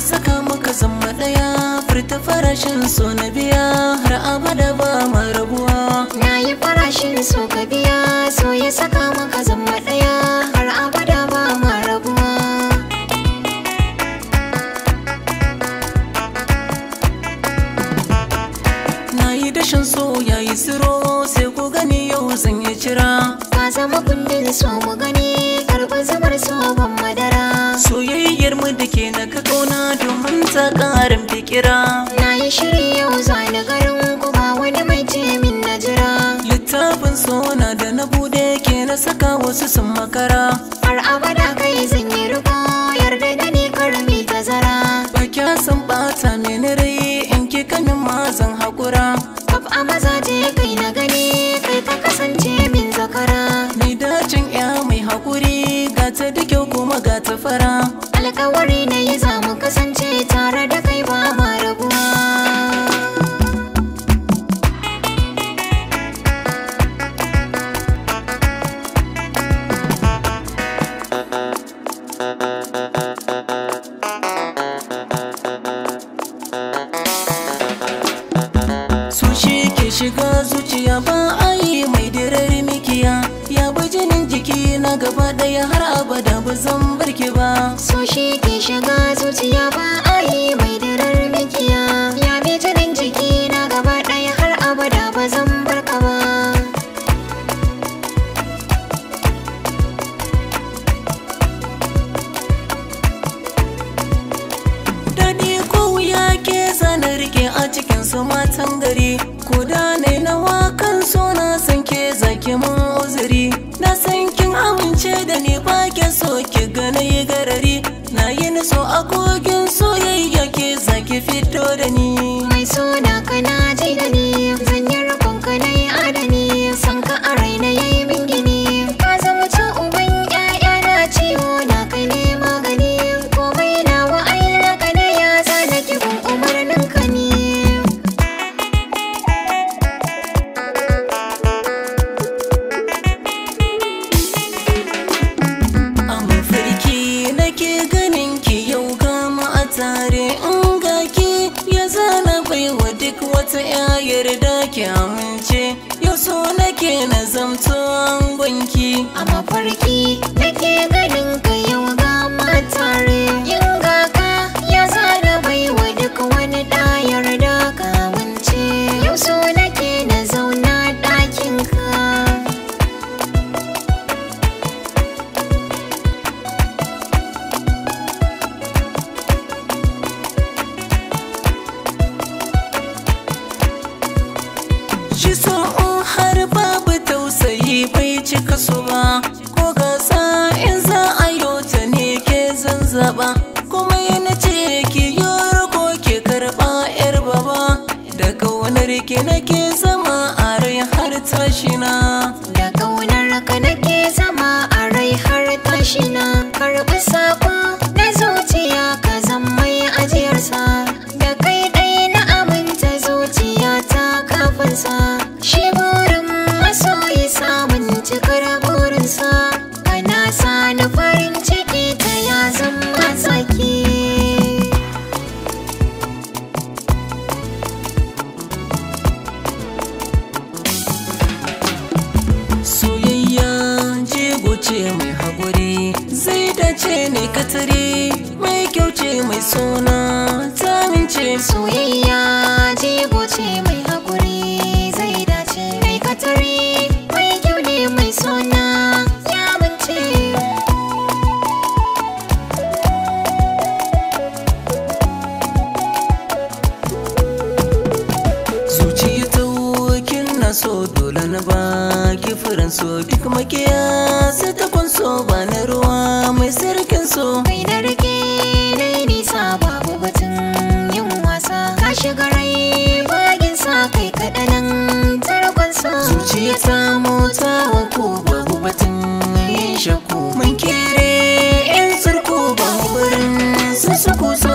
saka maka zama ɗaya furta farashin so na biya har abada ba ma rabuwa na yi farashin so ka biya so ya saka maka zama ɗaya har abada ba ma rabuwa na yi dashin so ya yi siro sai ku gani yau zan yi cira ka zama kundin so mu gani karɓar zamar so ƙarin fikira na yi shiri yau zane garin kuma wani mai ce min na jira littafin sona da na bude ke na saka wasu sun makara har abada kai zan yi riko yarda da ni karmi tazara ba kya san bata mini rai shiga zuciya ba a yi mai dirar mikiya ya bi jinin jiki na gaba daya har abada ba zan barki ba so shi ke shiga zuciya ba a yi mai dirar mikiya ya bi jinin jiki na gaba daya har abada ba zan barka ba Dadi ko wuya ke zanar ke a cikin su matan gari ki mun uzuri na san kin amince da ni ba so ki ga garari na yi so a kogin soyayya ke zaki fito da ni mai suna kana wa duk wata yayar da ke amince yau so nake na zamto an gwanki a mafarki cika ba ko gasa in za a ne ke zanzaba kuma yana ce ki yoro ko ke karɓa yar baba da rike na nake zama a rai har tashina da rike ka nake zama a rai har tashina karɓi sako ce ne katare mai kyau ce mai suna ta mince soyayya jigo ce mai hakuri zai dace mai katare mai kyau ne mai suna ya mince zuciya ta wukin na so dole na ba ki furan so duk makiya sai ta so ba ne sirkin so kai da rike ne nisa babu batun yin wasa ka shiga rai bagin sa kai kaɗanan tarkon sa zuciya ta mota wanko babu batun yin shakku mun kere yan surku babu wurin su su kusa